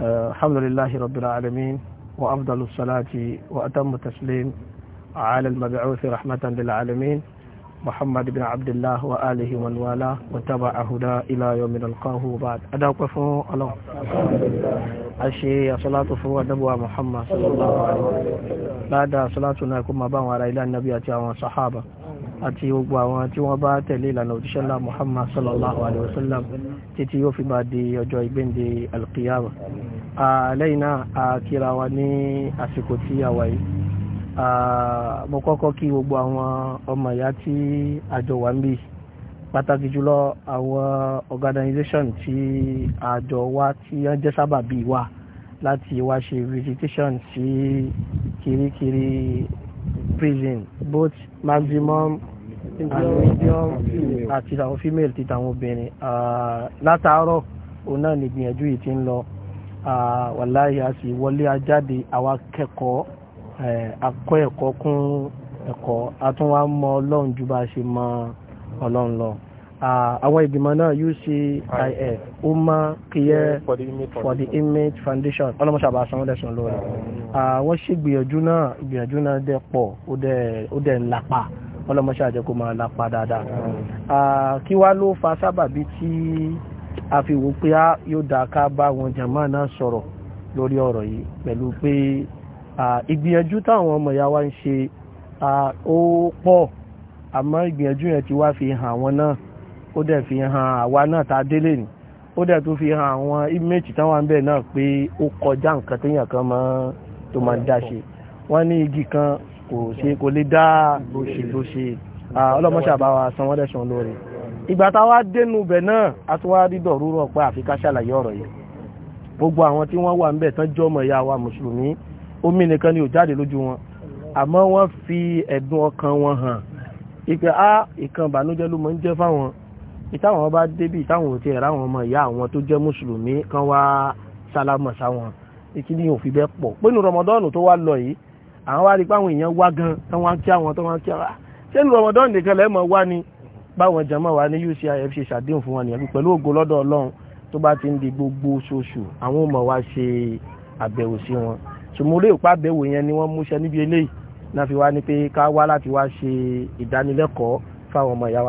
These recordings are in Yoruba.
الحمد لله رب العالمين وأفضل الصلاة وأتم التسليم على المبعوث رحمة للعالمين محمد بن عبد الله وآله ومن والاه وتبع هدى إلى يوم نلقاه وبعد أدعوك كفو الله أشي صلاة فو نبوة محمد صلى الله عليه وسلم بعد صلاتنا كما مبان على إلى النبي وصحابه àti gbogbo àwọn tí wọ́n bá tẹ̀lé ìlànà òjíṣẹ́ ńlá muhammad sallallahu alayhi wa sallam títí yóò fi bá di ọjọ́ ìgbéǹde alqiyama lẹ́yìn náà a kíra wa ní àsìkò tí a wà yìí mo kọ́kọ́ kí gbogbo àwọn ọmọ ìyá tí àjọ wà ń bì pàtàkì jùlọ àwọn organization tí àjọ wa tí wọ́n jẹ́ sábàbí wa láti wá ṣe visitation sí kirikiri prison both maximum medium àti àwọn female ti tàwọn obìnrin látàárọ̀ òun náà ní ìgbìyànjú yìí ti ń lọ wàláyé a sì wọlé ajáde àwa kẹ́kọ̀ọ́ akọ́ ẹ̀kọ́ kún ẹ̀kọ́ a tún wá mọ ọlọ́run ju bá a ṣe mọ ọlọ́run lọ àwọn ìgbìmọ̀ náà UCIF Umma Kiye for the Image Foundation ọlọ́mọṣàbà sanwó lẹ́sùn lórí wọ́n ṣe gbìyànjú náà gbìyànjú náà dẹ̀ pọ̀ ó dẹ̀ ń lapa ọlọ́mọṣẹ́ àjẹ́ kó máa lápá dáadáa kí wá ló fa sábàbí tí a fi wò pé ah, yóò dá ká bá wọn jàmá náà sọ̀rọ̀ lórí ọ̀rọ̀ yìí pẹ̀lú pé ìgbìyànjú táwọn ọmọ ìyá wa ń ṣe ó pọ̀ àmọ́ ìgbìyànjú yẹn ti wá fi hàn àwọn náà ó dẹ̀ fi hàn àwa náà tá délé ni ó dẹ̀ tún fi hàn àwọn image táwọn ń bẹ̀ náà pé ó kọjá nǹkan téèyàn kan máa tó máa dá ṣe wọ́n ní igi kan kò ṣe kò lè dá bó ṣe bá wa san wọ́n lẹ́sàn lórí ìgbà táwa dénú bẹ̀ náà a tún wá rí dọ̀rúrọ̀ pé àfi ká ṣàlàyé ọ̀rọ̀ yìí gbogbo àwọn tí wọ́n wà ń bẹ̀ tán jọmọ̀ ìyá wa mùsùlùmí omi nìkan ni ò jáde lójú wọn àmọ́ wọ́n fi ẹ̀dùn ọkàn wọn hàn ìpè á ìkan ìbànújẹ́ ló mọ̀ ń jẹ́ fáwọn ìtàwọn bá débì ìtàwọn ò ti ẹ̀rá àwọn ọmọ ìyá àwọn tó jẹ́ mùsùlùmí kan wá sálámọ̀ sáwọn ìkíní òfin bẹ́ẹ̀ pọ̀ pé ní tó wá lọ yìí àwọn wá rí páwọn èèyàn wá gan tán wá kí àwọn tán wá kí àwọn ṣé ní Ramadan nìkan lẹ́mọ̀ wá ni báwọn jàmá wa ní UCIF ṣe ṣàdéhùn fún wọn nìyẹn pẹ̀lú ògo lọ́dọ̀ Ọlọ́run tó bá ti ń di gbogbo oṣooṣù àwọn ọmọ wa ṣe àbẹ̀wò sí wọn ṣùgbọ́n ìpá àbẹ̀wò yẹn ni wọ́n múṣẹ níbi eléyìí náà fi wá ní pé ká wá láti wá ṣe ìdánilẹ́kọ̀ọ́ fáwọn ọmọ ìyá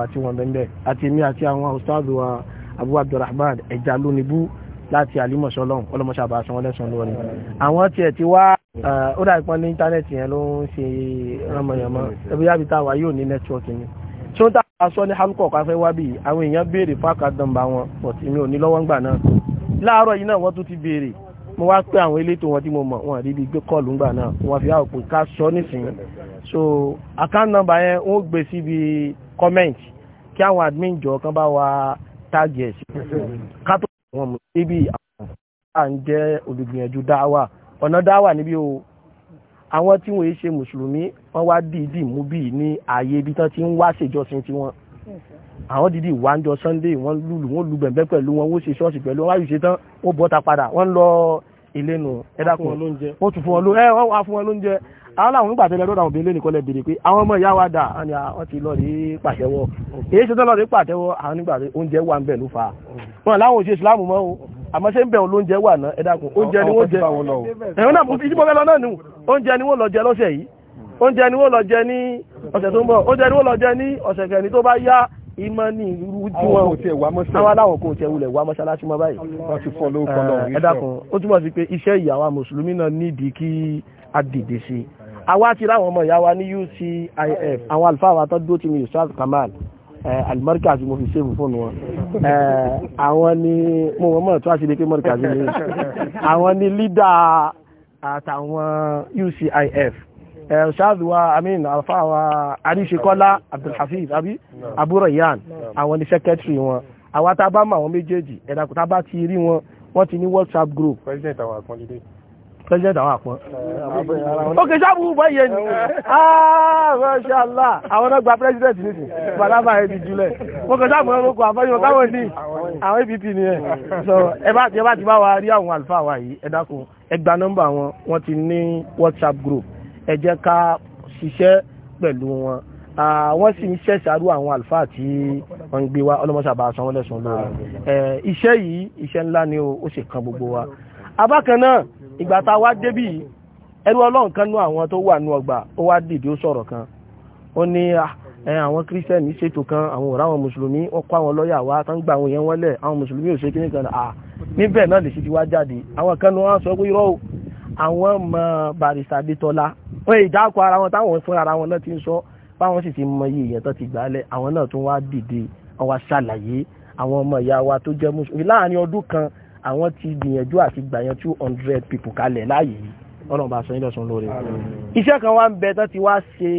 Abu Abdulrahman ẹ̀já lónìbú láti alimọ̀ṣọ́lọ́hún ọlọ́mọṣàbà sanwó lẹ́sàn-án Ah, ó dà pọ́n ní íńtánẹ́ẹ̀tì yẹn ló ń ṣe ránmọ̀yànmọ́ ẹbí yábi táwa yóò ní nẹ́tíwọ́ọ̀kì ni tí ó ń tàbí aṣọ ní hamcock afẹ́ wábì àwọn èèyàn béèrè fáka dọ̀mbà wọn but mi ò ní lọ́wọ́ ńgbà náà láàárọ̀ yìí náà wọ́n tún ti béèrè mo wá pé àwọn elétò wọn tí mo mọ̀ wọn àdébí gbé kọ́ọ̀lù ńgbà náà wọ́n fi àwọn òpin ká sọ nísìnyí so account number yẹn ó gbé síbi comment kí àwọn admin jọ kan bá wa tag ẹ̀ sí wọn mú ibi àwọn à ń jẹ́ olùgbìyànjú dáwà ọ̀nà dáwà níbí o àwọn tí wọ́n yé ṣe mùsùlùmí wọ́n wá dìídì mú bí ní ààyè ibi tán ti ń wá ṣèjọsìn tí àwọn dìídì wá ń jọ sunday wọ́n lùlù wọ́n lu bẹ̀m̀bẹ̀ pẹ̀lú wọn wọ́n ṣe ṣọ́ọ̀ṣì pẹ̀lú wọn wáyù ṣe tán wọ́n bọ́ta padà wọ́n lọ ilé nu ẹ̀dàkùn wọ́n tún fún wọn lóúnjẹ wọ́n wá fún wọn lóúnjẹ àwọn làwọn nígbà tẹ́lẹ̀ lọ́dọ̀ àwọn obìnrin lónìí kọ́lẹ̀ béèrè pé àwọn ọmọ ìyá àmọ́ ṣé ń bẹ̀rù lóúnjẹ wà náà ẹ dákun oúnjẹ ni wọ́n jẹ ẹ̀rọ náà ìdíbò fẹ́ lọ náà nù oúnjẹ ni wọ́n lọ jẹ lọ́sẹ̀ yìí oúnjẹ ni wọ́n lọ jẹ ní ọ̀sẹ̀ tó ń bọ̀ oúnjẹ ni wọ́n lọ jẹ ní ọ̀sẹ̀ kẹrin tó bá yá ìmọ̀ ní irú tí wọ́n àwọn aláwọ̀ kò tiẹ̀ wulẹ̀ wá mọ́ṣáláṣí mọ́ báyìí ẹ dákun ó túmọ̀ sí pé iṣẹ́ yìí àwa mùsùlùmí náà Eh, alimarika àti mo fi ṣéèfù fóònù wọn eh, àwọn ni mo mọ̀ mọ̀ tó àṣírí pé mọ̀ríkà sí ni àwọn ni lídà àtàwọn UCIF ṣáàdù eh, wa amin alfa wa aríṣekọ́lá abdulhafiz àbí abúrọ̀yàn àwọn ní sẹ́kẹ́tìrì wọn àwọn tá a bá mọ àwọn méjèèjì ẹ̀dàkùn tá a bá ti rí wọn wọ́n ti ní whatsapp group. president àwọn àkànlélẹ́yìn tọ́jẹ́ ìdàwọn àpọ̀. ókè sáàbù bọ́ yẹ ni ààrẹ́ṣàlá ah, àwọn ọgbà president nìsìn bàdábà ẹbí jùlẹ̀ ókè sáàbù ẹrùkọ àfẹ́yìn ọ̀táwọn ní àwọn APP ni ẹ̀ sọ ẹbá ti bá wa rí àwọn àlùfáà wa yìí ẹ dákun ẹ gba nọ́mbà wọn wọ́n ti ní WhatsApp group ẹ jẹ́ ká ṣiṣẹ́ pẹ̀lú wọn ah, wọ́n sì ń ṣẹ̀ṣàrú àwọn àlùfáà tí wọ́n ń gbé wa ọlọ́mọṣàbà sanwó lẹ́sùn lórí eh, iṣẹ́ yìí iṣẹ́ ńlá ni ó sì kan gbogbo wa abákan náà ìgbà wa a wá débì ẹrú ọlọ́run kan nú àwọn tó wà nú ọgbà ó wá dìde ó sọ̀rọ̀ kan ó ní ah, àwọn kírísítẹ́nì ṣètò kan àwọn ọ̀rọ̀ àwọn mùsùlùmí wọ́n kọ́ àwọn lọ́ọ̀yà wa tán gba àwọn èèyàn wọlé àwọn mùsùlùmí ò ṣe kí nìkan à ah, níbẹ̀ náà lè ṣe ti wá jáde àwọn kan ní wọ́n sọ pé irọ́ àwọn mọ barista adétọ́lá wọ́n ìdákọ̀ ara wọn táwọn fúnra ara wọn náà ti ń sọ báwọn sì ti mọ iye èèyàn tó ti gbà lẹ̀ àwọn náà tún wá dìde wọ́n wá ṣàlàyé àwọn ọmọ ìyá wa tó jẹ́ mùsùlùmí láàárín ọdún kan àwọn ti gbìyànjú àti gbàyàn two hundred people kalẹ̀ láàyè yìí ọlọ́run bá sọ yín lọ́sùn lóore iṣẹ́ kan wá ń bẹ tán ti wá ṣe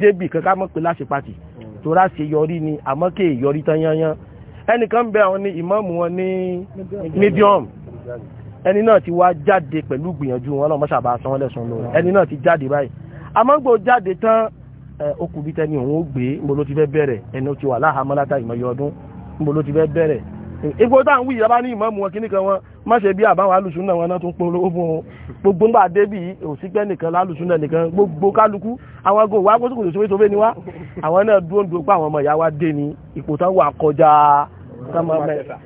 débì kankan mọ̀ pé láṣẹ pàtì mm. tó rà ṣe yọrí ni àmọ́ kè yọrí tán yányán ẹnìkan ń bẹ àwọn ní ìmáàmù wọn ní medium ẹni náà ti wá jáde pẹ̀lú gbìyànjú wọn ọlọ́run mọ́ṣàbà sọ wọn lẹ́sùn lóore ẹni náà ti jáde báyìí àmọ́ gbò jáde tán okùn bíi tẹni òun ó gbé níbo ló ti fẹ́ bẹ̀rẹ̀ ẹni ó ti wà láhàámọ́ látà ìmọ̀yọ ọdún níbo ló ti fẹ́ bẹ̀rẹ̀ ipò tá à ń wí ìjọba ní ìmọ̀ọ́mù wọn kíníkan wọn má ṣe bí àbáwọn alùsùn náà wọn náà tún polo ó fún un gbogbo nígbà débì òsígbẹ́ nìkan lálùsùn náà nìkan gbogbo kálukú àwọn ago wa kó sókòtò sófé sófé ni wá àwọn náà dúró ń dúró àwọn ọmọ ìyá wa dé ni ipò tán wà kọjá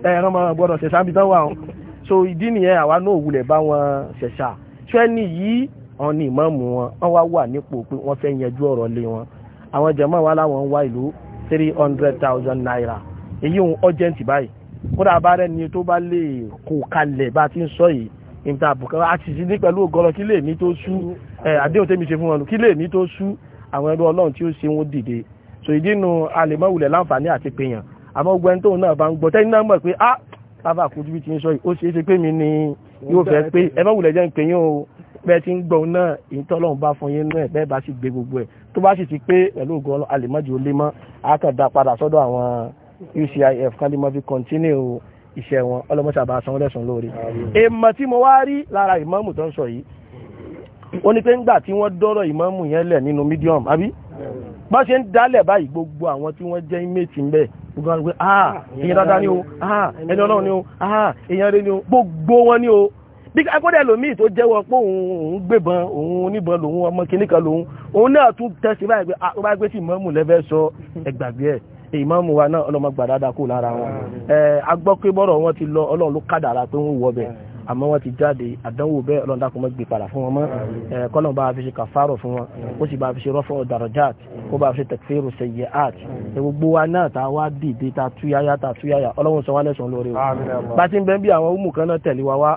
ẹran ọmọ gbọdọ̀ bí tán wà wọn so ìdí nìyẹn àwa náà òwúlẹ̀ bá wọn ṣẹ̀ṣà ṣẹ́ni yìí wọn ní ìmọ̀ọ́mù wọn wọn wá wà nípò pé wọ́n fẹ́ yanjú ọ̀rọ̀ three hundred thousand naira èyí òun urgent báyìí kódà bá rẹ̀ ni tó bá lè kó kalẹ̀ bá ti ń sọ yìí níta àbùkọ́ àṣìṣe ní pẹ̀lú ògọ́lọ kí lèmi tó sú àdéhùn tèmi ṣe fún wọn kí lèmi tó sú àwọn ẹrú ọlọ́run tí ó ṣe wọn dìde so ìdí nu alèmọ́wulẹ̀ láǹfààní àti pèèyàn àmọ́ gbẹ́ni tóun náà bá ń gbọ́ tẹ́ni náà mọ̀ pé ah káfà kojú bí ti ń sọ yìí ó ṣeé ṣe pé mi ni yóò fẹ́ pé ẹ má wulẹ̀ jẹ́ ń pè yín o bẹ́ẹ̀ ti ń gbọ́ náà ìtọ́lọ́run bá fún yín náà bẹ́ẹ̀ bá sì gbé gbogbo ẹ̀ tó bá sì ti pé pẹ̀lú ògùn alèmọ́jì ó lé mọ́ àkàndá padà sọ́dọ̀ àwọn UCIF kan lè mọ́ fi continue iṣẹ́ wọn ọlọ́mọ́sà bá sanwó lẹ́sùn lórí èèmọ̀ tí mo wá rí lára ìmáàmù tó ń sọ yìí ó ní pé ńgbà tí wọ́n dọ́rọ̀ ìmáàmù yẹn lẹ̀ nínú medium àbí bá ṣe ń dálẹ̀ báyìí gbogbo àwọn tí wọ́n jẹ́ inmate ń bẹ̀ gbogbo àwọn ah, ah èèyàn dáadáa ni o ah ẹni ọlọ́run ni o ah èèyàn rẹ ni o gbogbo wọn ni o bí akọ́dẹ̀ lòmíì tó jẹ́wọ́ pé òun gbébọn òun oníbọn lòun ọmọ kìnnìkan lòun òun náà tún tẹ̀sí báyìí pé ah ó bá gbé sí ìmáàmù lẹ́fẹ́ sọ ẹgbàgbé ẹ̀ ìmáàmù wa náà ọlọ́mọ gbà dáadáa kó lára wọn a gbọ́ pé bọ́rọ̀ wọn ti lọ ọlọ́run ló kádàrá pé wọ́n wọ bẹ̀ àmọ́ wọ́n ti jáde àdánwò bẹ́ẹ̀ ọlọ́run gbé padà fún wọn mọ́ kọ́lọ́n bá fi ṣe kàfárọ̀ fún wọn ó sì bá fi ṣe rọ́fọ́ darajat kó bá fi ṣe takfiru sayyi'at gbogbo wa náà tá a wá dìde tá a túyáyá tá a túyáyá ọlọ́run sọ wá lẹ́sàn-án lórí o bá ti ń bẹ́ bí àwọn ọmọ kan náà tẹ̀lé wa wá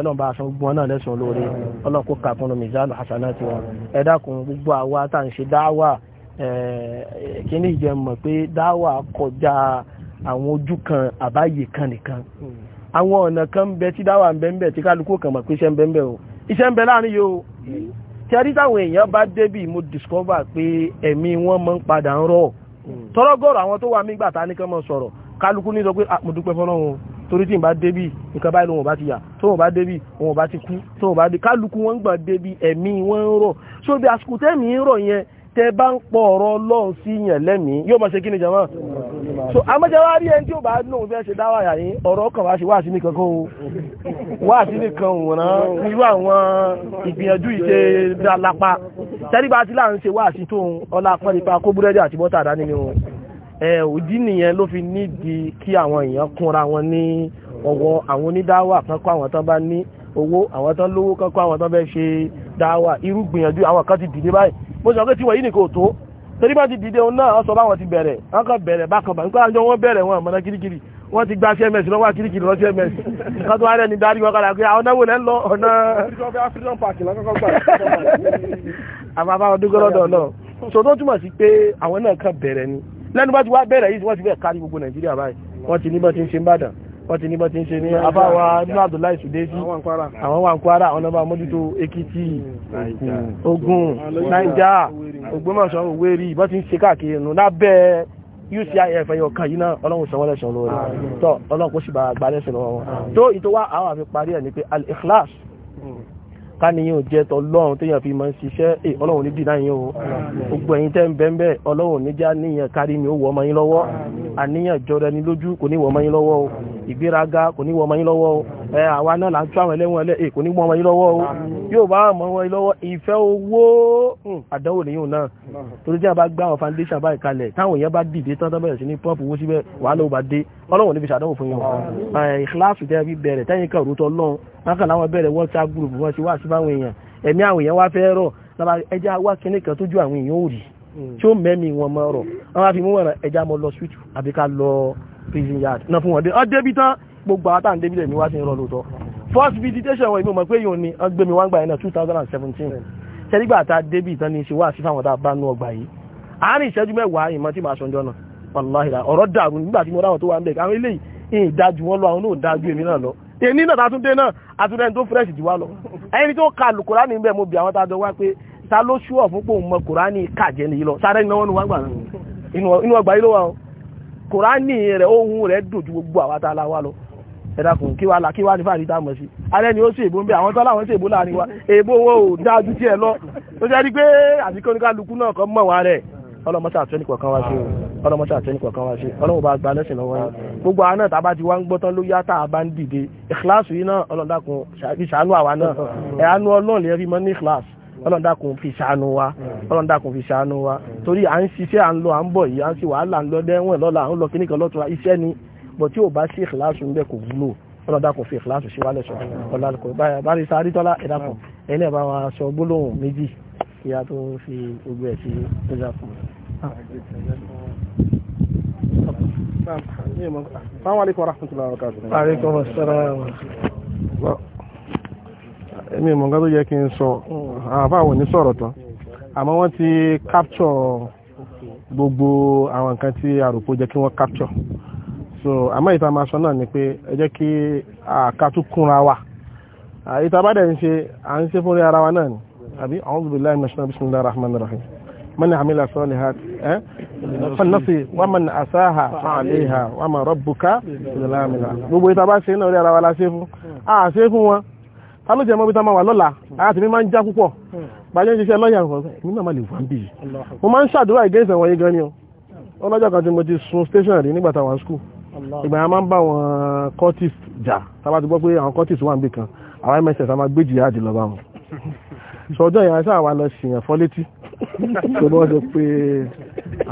ọlọ́run bá aṣọ gbọ́n náà lẹ́sàn-án ọlọ́run kó kàkúnnù mizanu hasanati wọn ẹ dákun gbogbo àwa tá à ń ṣe dáwà Eh, kíní ìjẹ mọ̀ pé dáwà kọjá àwọn ojú kan àbáyé kan nìkan hmm. àwọn ọ̀nà kan bẹ tí dáwà ń bẹ ń bẹ kan mọ̀ pé iṣẹ́ ń bẹ o iṣẹ́ ń bẹ láàrin yìí o hmm. tí a rí táwọn èèyàn bá débì mo discover pé ẹ̀mí wọn máa ń padà ń rọ̀ hmm. tọ́lọ́gọ́rọ̀ àwọn tó wà nígbà tá ní kán mọ̀ sọ̀rọ̀ kálukú ní sọ pé ah, mo dúpẹ́ fọlọ́run torí tí n bá débì nǹkan báyìí lóun bá ti yà tóun bá débì òun bá ti kú tóun bá dé kálukú wọn gbà débì ẹ̀mí wọn ń so bí àsìkò tẹ́mi ń yẹn tẹ bá ń pọ̀ ọ̀rọ̀ ọlọ́run sí yàn lẹ́mìí yóò máa ṣe kí ni jama so amẹ́jẹ́wá rí ẹni tí ó bá lóun fẹ́ ṣe dáwà yà yín ọ̀rọ̀ ọkàn wá ṣe wá sí nìkan kó wá sí nìkan wọ̀nà irú àwọn ìgbìyànjú ìṣe lápá tẹ́lifà tí là ń ṣe wá sí tóun ọlá pẹ́lípa kó búrẹ́dì àti bọ́tà dání ni wọn òdí nìyẹn ló fi nídìí kí àwọn èèyàn kúnra wọn ní ọwọ́ àwọn onídáwà kan kó àwọn tán bá ní owó àwọn tán lówó kan kó àwọn tán fẹ́ ṣe dáwà irú àwọn kan ti dìde báyìí mo sọ pé tiwọ̀ yìí nìkan ò tó torí bá ti dìde òun náà sọ báwọn ti bẹ̀rẹ̀ wọn kàn bẹ̀rẹ̀ bákan nípa àjọ wọn bẹ̀rẹ̀ wọn àmọ́ná kirikiri wọ́n ti gba cms lọ́wọ́ kirikiri lọ cms nǹkan tó wá ní darí wọn kàrà pé àwọn náwó lẹ́ ọ̀nà. àbábá ọdún gọ́lọ́dọ̀ náà so tó túmọ̀ sí pé àwọn náà kàn bẹ̀rẹ̀ ni lẹ́nu bá ti wá bẹ̀rẹ̀ yìí wọ́n ti fẹ́ kárí gbogbo nàìjíríà báyìí wọ́n ti ní bá ti ń ṣe ń bàdàn wọ́n ti ní bọ́ ti ń ṣe ní afáwa nínú Abdullahi Sudesi àwọn wà ń kwara àwọn ọba mójútó Èkìtì Ògùn Naija Ògbómọ̀ṣọ́ Òwérí bọ́ ti ń ṣe káàkiri nù lábẹ́ UCIF ẹyọ kan yìí náà ọlọ́run sanwó lẹ́sàn lórí tọ́ ọlọ́run kó sì bá gba lẹ́sàn lọ́wọ́ wọn tó ìtọ́wá àwọn àfi parí ẹ̀ ní pé al-ikhlas hmm. káníyàn jẹ́ tọ́lọ́run tó yàn fi mọ́ ṣiṣẹ́ ẹ̀ ọlọ́run ní dìdá yìí o gbogbo ẹ̀yin tẹ́ ń bẹ́ ń bẹ́ ọlọ́run níjà níyàn kárí ìgbéraga kò ní wọ ọmọ yín lọ́wọ́ o ẹ àwa náà là ń tú àwọn ẹlẹ́wọ̀n ẹlẹ́ kò ní wọ ọmọ yín lọ́wọ́ o yóò bá ọmọ wọn lọ́wọ́ ìfẹ́ owó hmm, àdánwò nìyóò náà torí tí a bá gbá àwọn foundation báyìí kalẹ̀ táwọn èèyàn bá dìde tán tán bẹ̀rẹ̀ sí ní pump owó síbẹ̀ wàá lọ́wọ́ bá dé ọlọ́wọ̀n níbi ṣàdánwò fún yín ìkíláàsì tẹ́ fi bẹ̀rẹ̀ tẹ́yìn kan òrùtọ́ lọ́n bákan láwọn bẹ̀rẹ̀ WhatsApp group wọn ti wá sí prison yard Na fún wọn dé ọ débi tán gbogbo àwọn táwọn débi lẹ́mí wá sí irọ́ lóòótọ́ first visitation wọn ìmọ̀ pé yóò ní ọgbẹ́mi wá ń gbà yẹn náà two thousand and seventeen ṣẹ́dígbà tá a débi tán ní ṣe wá sí fáwọn tá a bá nú ọgbà yìí àárín ìṣẹ́jú mẹ́wàá ìmọ̀ tí màá sọjọ́ náà wàláhì ọ̀rọ̀ dàrú nígbà tí mo ráwọn fresh jù wá lọ ẹni tó ka mo bì àwọn tájọ wá pé ta ló ṣúọ̀ ni wá gbà náà inú ọgbà yìí ló wà kùránì rẹ̀ ohun rẹ̀ dùn ju gbogbo àwọn tààlà wa lọ ẹ̀dàkùn kí wá kí wá ní fàárí táàmù sí alẹ́ ni ó sì èbó ń bẹ àwọn tọ́lá àwọn sì èbó láàrin wa èbó wo ò dájú tí ẹ lọ tó jẹ́ rí pé àti kí oníkálukú náà kan mọ̀ wá rẹ̀ ọlọ́mọṣà àtúnyẹ̀nì kọ̀ọ̀kan wá sí ọlọ́mọṣà àtúnyẹ̀nì kọ̀ọ̀kan wá sí ọlọ́mọba àgbà lẹ́sìn lọ́wọ́ yẹn gbogbo àwọn náà tá a bá ti wá ń gbọ́tán ló yá tá a bá ń dìde ìkíláàsì yìí náà ọlọ́dàkùn ìṣàánú àwa náà ẹ̀ánú ọlọ́run dákun fi ṣàánú wa mm. ọlọ́run dákun fi ṣàánú wa torí à ń ṣiṣẹ́ à ń lọ à ń bọ̀ yìí à ń ṣe wàhálà ń lọ dẹ́wọ̀n lọ́la à ń lọ kíníkan lọ́tura iṣẹ́ ni bọ̀ tí ò bá sí ìkìláṣù ń bẹ̀ kò wúlò ọlọ́run dákun fi ìkìláṣù ṣe wálẹ̀ sọ ọlọ́run kò bá rí sáré tọ́lá ẹ̀dá kan mm. ẹ̀yìn náà bá wa sọ gbólóhùn méjì kí a tó fi gbogbo ẹ̀ sí ẹ̀dá fún mi. Assalamu alaikum warahmatullahi wabarakatuh. Wa alaikum assalam. Èmi mọ̀ nǹkan tó yẹ kí n sọ. Mm àwọn àfáwọn ní sọ̀rọ̀ tán àmọ́ wọ́n ti capture gbogbo àwọn nǹkan tí àròpò jẹ́ kí wọ́n capture so àmọ́ ìta máa sọ náà ni pé ẹ jẹ́ kí àkàtún kúnra wa ìta bá dẹ̀ ń ṣe à ń ṣe fún rí ara wa náà ni àbí a'udhu billahi minash shaitanir rajim bismillahir rahmanir rahim man amila salihan ẹ́ eh? fannasi wa man asaha fa'alayha wa ma rabbuka ìdílá àmìlà gbogbo ìta bá ṣe náà rí ara wa la ṣe fún a ṣe fún wọn ta ló jẹ́ mọ́ bí tá máa wà lọ́la àti hmm. mi máa ń já púpọ̀ gbàjẹ́ hmm. ìṣiṣẹ́ lọ́yà mi náà máa lè wà ń bì í mo máa ń ṣàdúrà ìgẹ́sẹ̀ wọ̀nyí gan ni o ọlọ́jọ́ kan tí mo ti sun station rí nígbà táwọn school ìgbà yẹn máa ń bá àwọn cortis jà tábà ti gbọ́ pé àwọn cortis wà níbi kan àwọn mss a máa gbé jìyà àdìlọ bá wọn sọ ọjọ́ yẹn sáà wà lọ ṣìyàn fọ́ létí tó bọ́ ṣe pé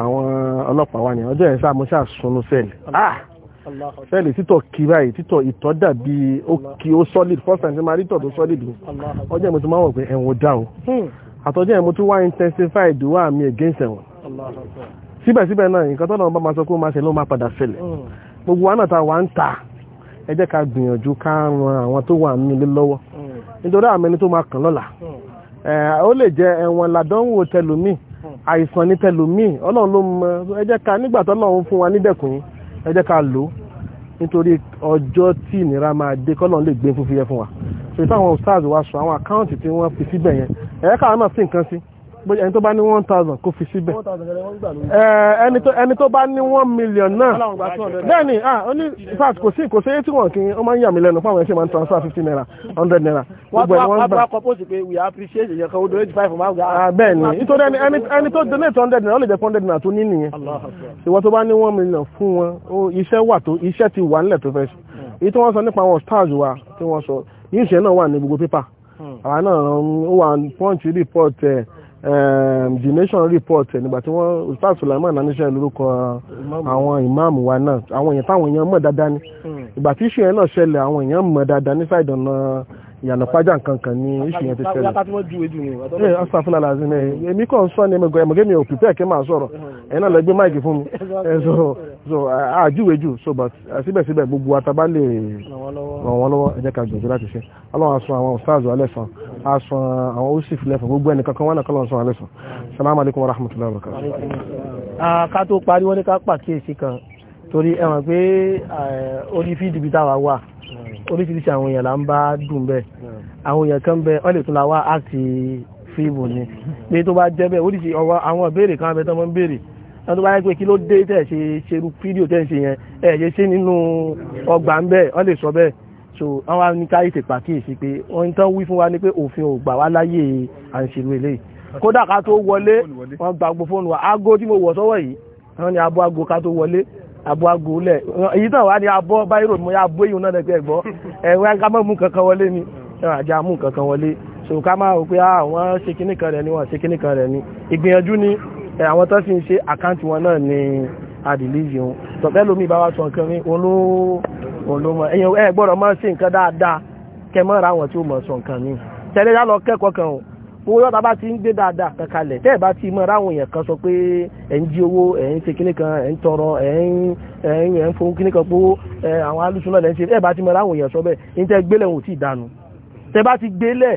àwọn ọlọ́pàá wà ní ọjọ́ yẹn sáà mo ṣáà sunu sẹ́ẹ̀lì fẹ́ẹ̀lì títọ̀ kí báyìí títọ̀ ìtọ̀ dàbí ó kí ó solid first time tí máa rí tọ̀ tó solid ni ọjọ́ ìmọ̀ tí máa wọ̀ pé ẹ̀wọ̀n dá o hmm. àtọ́jọ́ ìmọ̀ tí wá intensify ìdúwà mi against ẹ̀wọ̀n síbẹ̀síbẹ̀ náà nǹkan tó náà bá máa sọ pé ó máa ṣe ló máa padà ṣẹlẹ̀ hmm. gbogbo wa náà ta wà ń ta ẹ jẹ́ ká gbìyànjú ká ran àwọn tó wà nílé lọ́wọ́ hmm. nítorí àmì ẹni tó máa kàn lọ́la ó lè jẹ ẹ̀wọ̀n làdánwò tẹlòmíì àìsàn ní tẹlòmíì ọlọ́run ló mọ ẹ jẹ́ ká nígbà tọ́lọ́run fún wa nídẹ̀kùn yìí ẹ jẹ́ ká lò ó nítorí ọjọ́ tí ìnira máa dé kọ́lọ̀ lè gbé fúnfúyẹ́ fún wa ṣe táwọn stars wa sọ àwọn àkáǹtì tí wọ́n fi síbẹ̀ yẹn ẹ̀ẹ́kà náà sí nǹkan sí bóyá ẹni tó bá ní one thousand kó fi síbẹ̀ ẹni tó bá ní one million náà bẹ́ẹ̀ ni ó ní in fact kò sí kò sí eighty one kí ó máa ń yà mí lẹ́nu fún àwọn ẹ̀ṣẹ̀ máa ń transfer fifty naira hundred naira gbogbo ẹ̀ wọ́n gbà. wọ́n bá kọ́pọ̀sì pé we appreciate ìyẹn kan odò eighty five máa gbà. bẹ́ẹ̀ ni nítorí ẹni tó donate hundred naira ó lè jẹ́ hundred naira tó ní nìyẹn ìwọ tó bá ní one million fún wọn iṣẹ́ wà tó iṣẹ́ ti wà nílẹ̀ tó fẹ́ ṣe èyí tí wọ́n sọ nípa àwọn wa tí wọ́n sọ yíṣẹ́ náà wà ní gbogbo pépà hmm. àwa náà um, ó wà pọ́ǹchì Ehm, the nation report nígbà tí wọ́n ustaz sulaiman anisha lórúkọ àwọn ìmáàmù wa náà àwọn èèyàn táwọn èèyàn mọ̀ dáadáa ni hmm. ìgbà iṣu yẹn náà ṣẹlẹ̀ àwọn èèyàn mọ̀ dáadáa ní sáìdì ọ̀nà ìyànà pàjá kankan ní iṣu yẹn ti ṣẹlẹ̀. ẹ eh, eh, sọ ni mi o pípẹ́ kí ma máa sọ̀rọ̀ hmm. náà lọ gbé máìkì fún mi ẹ eh, so àjúwe jù so but síbẹ̀síbẹ̀ gbogbo àtàbá lè ràn wọ́n lọ́wọ́ ẹ jẹ́ ká gbìyànjú láti ṣe ọlọ́run aṣọ àwọn ọ̀sáàzù alẹ́sàn aṣọ àwọn òṣìf lẹ́fàn gbogbo ẹnì kankan wọn náà kọ́lọ́run sọ alẹ́sàn salamu alaykum wa rahmatullahi wa barakatuh. ká tó parí wọn ní ká pàkíyèsí kan torí ẹ mọ̀ pé orí fídíbí táwa wà oríṣiríṣi àwọn èèyàn là ń bá dùn bẹ́ẹ̀ àwọn èèyàn kan bẹ́ẹ̀ wọ́n lè tún la wá àti fíìmù ni pé tó bá jẹ́ bẹ́ẹ̀ oríṣi àwọn ìbéèrè kan abẹ́tọ́ mọ́ ń wọ́n tó bá yẹ pé kí ló dé tẹ̀ ṣe ṣerú fídíò tẹ̀ ṣe yẹn ẹ̀ ṣe ṣe nínú ọgbà ń bẹ́ẹ̀ wọ́n lè sọ bẹ́ẹ̀ so wọ́n wá ní káyé ṣe pàkíyèsí pé wọ́n tán wí fún wa ní pé òfin ò gbà wá láyé à ń kódà ká tó wọlé wọ́n gba gbogbo fóònù wa aago tí mo wọ̀ sọ́wọ́ yìí wọ́n ní abọ́ aago ká tó wọlé abọ́ aago lẹ̀ èyí náà wá ní abọ́ báyìí mo yá abọ́ èyí náà lẹ́gbẹ̀ẹ́ gbọ́ ẹ̀wọ́n ká mọ̀ mú kankan wọlé ni ẹ̀wọ̀n àjà mú kankan wọlé so ká máa rò pé àwọn ah, ṣe kíní kan rẹ̀ ni wọ́n ṣe kíní kan rẹ̀ ni ìgbìyànjú ni àwọn tó sì ń ṣe àkáǹtì wọn náà ni àdìlíjì wọn tọ̀pẹ́ lómi bá wá sọ nǹkan mi olóòmọ ẹ̀yìn ẹ gbọ́dọ̀ máa ṣe nǹkan dáadáa kẹ mọ́ ra àwọn tí ó mọ̀ sọ nǹkan mi tẹ́lẹ̀ yá lọ kẹ́kọ̀ọ́ kan o owó yọ́ta bá ti ń gbé dáadáa kankalẹ̀ tẹ́ẹ̀ bá ti mọ́ ra àwọn èèyàn kan sọ pé ẹ̀ ń jí owó ẹ̀ ń ṣe kíní kan ẹ̀ ń tọrọ ẹ̀ ń ẹ̀ ń fowó kíní kan pówó àwọn alùsùn náà lẹ́ ń ṣe tẹ́ẹ̀ bá ti mọ́ ra àwọn èèyàn sọ bẹ́ẹ̀ ní tẹ́ gbélẹ̀ wọn ò tí ì dànù tẹ́ bá ti gbélẹ̀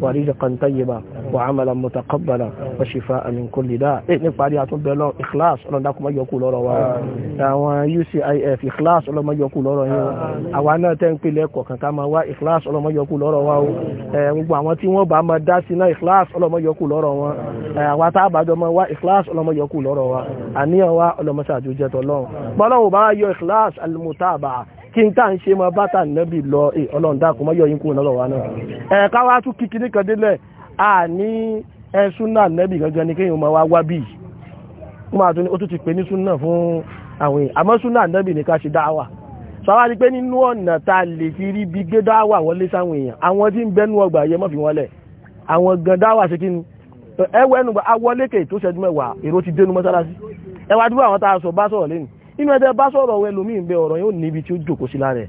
ورزقا طيبا وعملا متقبلا وشفاء من كل داء nípa rí àtúnbẹ̀ lọ ìkìláàs ọlọ́dàkùn mọ́ yọkù lọ́rọ̀ wa àwọn ucif ìkìláàs ọlọ́mọ yọkù lọ́rọ̀ yẹn àwa náà tẹ́ ń pèlẹ̀ kọ̀ọ̀kan ká máa wá ìkìláàs ọlọ́mọ yọkù lọ́rọ̀ wa o gbogbo àwọn tí wọ́n bá máa dá sí náà ìkìláàs ọlọ́mọ yọkù lọ́rọ̀ wọn àwa tá a bá jọ máa wá ìkìláàs ọlọ́mọ yọkù lọ́rọ̀ wa àníyàn wa ọlọ́mọ kí n tá à ń ṣe mọ bàtà nẹ́bì lọ eh, ọlọ́run dákun mọ́ yọyín kúrò lọ́wọ́ náà ẹ̀ káwá tún kíkiri kan délẹ̀ a ní ẹ súnà nẹ́bì gangan ni kéèyàn máa wá wá bíi ó máa tún ní ó tún ti pè ní súnà fún àwọn èèyàn àmọ́ súnà nẹ́bì ní ká ṣe dáwà sọ wá ní pé nínú ọ̀nà tá lè fi rí bí gbé dáwà wọlé sáwọn èèyàn àwọn tí ń bẹnu ọgbà yẹ mọ́ fi wọ́n àwọn gan dáwà ṣe kí ni ẹwẹ́ ẹnu awọlékè tó ṣẹ́dúnmẹ́wàá èrò ti dénú mọ́sálásí inú ẹ̀dẹ́ bá sọ̀rọ̀ ẹlòmíì ń bẹ ọ̀rọ̀ yóò níbi tí ó jòkó sí lára la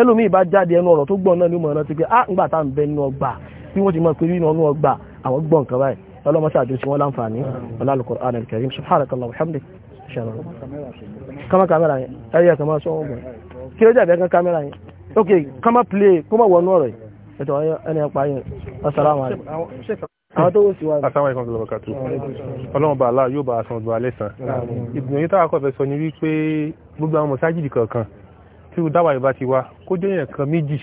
ẹlòmíì bá jáde ẹnu ọ̀rọ̀ tó gbọ́n náà ní mọ̀ rántí pé á ah, ń gbà tá ń bẹ nínú ọgbà bí wọ́n ti mọ̀ pé nínú ọgbà àwọn gbọ́n kan báyìí ọlọ́mọ sáà jùlọ sí wọn láǹfààní Al-Qur'an Al-Karim subhanakallah alhamdi kama kamera yẹn ẹyẹ kama sọ wọn bọ kí ló jàbẹ ok ọ̀rọ̀ àwọn tó wòsí wà. asáwọn ìkan lọ́wọ́ kàtó ọlọ́run bàálà yóò bá aṣọ ọgbà lẹ́sàn ìgbìyànjú táwọn akọ́fẹ́ sọ ni wípé gbogbo àwọn mọ̀sájìdì kọ̀ọ̀kan tí ó dáwà ìbá ti wá kó jẹ́ èèyàn kan méjì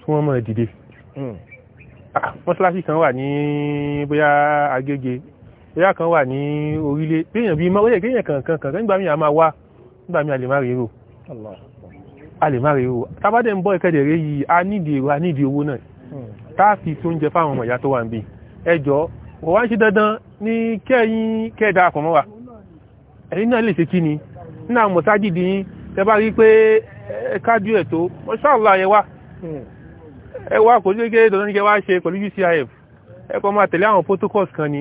tí wọ́n mọ̀ dìde hmm. ah, mọ́ṣáláṣí kan wà ní bóyá agége bóyá kan wà ní orílẹ̀ péèyàn bíi mọ́ bóyá kéèyàn kankan kan nígbà míì a máa wá nígbà míì a lè má rèé rò a lè má rèé rò tábàdẹ̀ ń bọ́ ìkẹ́dẹ̀ rẹ̀ yìí a nídìí a nídìí owó náà hmm. táà fi tó ń jẹ fáwọn ọmọ ìyá tó wà ń bíi ẹjọ́ wọ́n wá ń ṣe dandan ní kẹ́yìn kẹ́ẹ̀dá àkànmọ́ wa ẹ̀yìn náà lè ṣe kí ni nínú àwọn mọ̀sájì dín tẹ́bá rí pé kájú ẹ̀ tó mọ́ṣáàlá ẹ wá ẹ wá kò sí kékeré dandan ní kẹ́ wá ṣe pẹ̀lú UCIF ẹ kọ́ máa tẹ̀lé àwọn protocols kan ni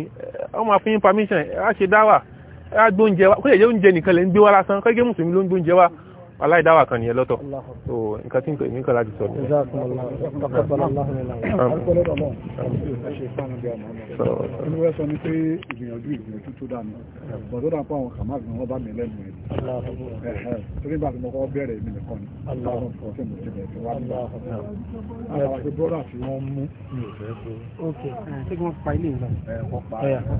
wọ́n máa fún yín permission ẹ wá ṣe dáwà ẹ wá gbóúnjẹ wa kó lè jẹ́ oúnjẹ nìkan lẹ́ ń gbé wá lásán kọ́ aláìdáwà kan nìyẹn lọ́tọ̀ so nǹkan tí n kọ́ láti sọ Okay. Uh, take one filing. Uh,